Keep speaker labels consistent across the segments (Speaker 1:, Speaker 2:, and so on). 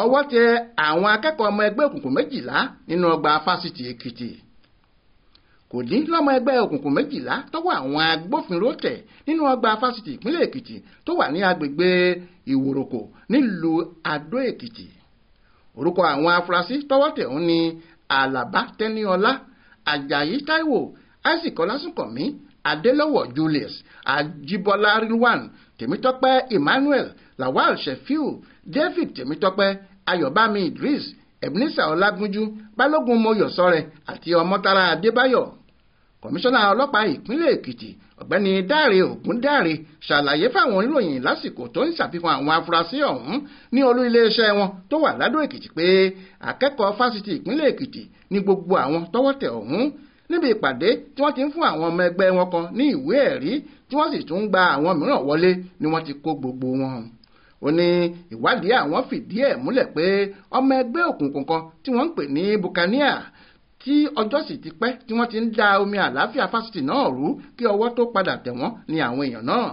Speaker 1: ọwọ́ tẹ àwọn akẹ́kọ̀ọ́ ọmọ ẹgbẹ́ òkùnkùn méjìlá nínú ọgbà fásitì Èkìtì kò dín lọ́mọ ẹgbẹ́ òkùnkùn méjìlá tọ́wọ́ àwọn agbófinró tẹ̀ nínú ọgbà fásitì ìpínlẹ̀ Èkìtì tó wà ní agbègbè Ìwòròkò nílùú Adó Èkìtì orúkọ àwọn afurasí tọ́wọ́ tẹ̀ ń ní Àlàbá Tẹ́níọlá Àjàyí Táíwò Isaac Ọlásùnkànmí Adélọ́wọ̀ Julius Àjíbọ́lá Rilwan Tèmítọ́pẹ́ Emmanuel lawal sheffield david temitope ayobami idris ebenezer ọlágúnjú balógun moyọ̀sọ́rẹ̀ àti ọmọtara adébáyọ̀ kọmíṣánná ọlọ́pàá ìpínlẹ̀ èkìtì ọ̀gbẹ́ni dáre ògúndáre ṣàlàyé fáwọn oníròyìn lásìkò tó ń ṣàfihàn àwọn afurasí ọ̀hún ní olú iléeṣẹ́ wọn tó wà ládó èkìtì pé akẹ́kọ̀ọ́ fásitì ìpínlẹ̀ èkìtì ní gbogbo àwọn tọ́wọ́ tẹ̀ ọ̀hún níbi ìpàdé tí wọ́n ti ń fún àwọn ọmọ ẹgbẹ́ wọn kan ní ìwé ẹ̀rí tí wọ́n sì tún ń gba àwọn mìíràn wọlé ni wọ́n ti kó gbogbo wọn ó ní ìwádìí àwọn fìdí ẹ̀ múlẹ̀ pé ọmọ ẹgbẹ́ òkùnkùn kan tí wọ́n ń pè ní buccaneer tí ọjọ́ sì ti pẹ́ tí wọ́n ti ń da omi àlàáfíà fásitì náà rú kí ọwọ́ tó padà tẹ̀ wọ́n ní àwọn èèyàn náà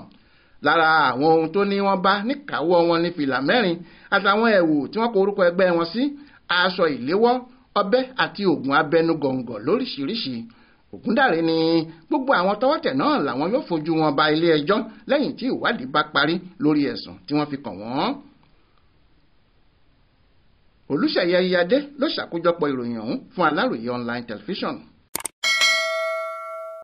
Speaker 1: lára àwọn ohun tó ní wọ́n bá níkàáwọ́ wọn ní fìlà mẹ́rin àtàwọn ẹ̀wù tí wọ́n kọ orúkọ ẹgbẹ́ wọn sí aṣọ ìléwọ́ ọbẹ̀ àti oògùn abẹnugọ̀ngọ̀ lóríṣìíríṣìí Ògúndàrẹ ni gbogbo àwọn tọwọ́ tẹ̀ náà làwọn yóò fojú wọn ba ilé-ẹjọ́ lẹ́yìn tí ìwádìí bá parí lórí ẹ̀sùn tí wọ́n fi kàn wọ́n. Olùṣeyẹ Iyadé ló ṣàkójọpọ̀ ìròyìn ọ̀hún fún Aláròye online television.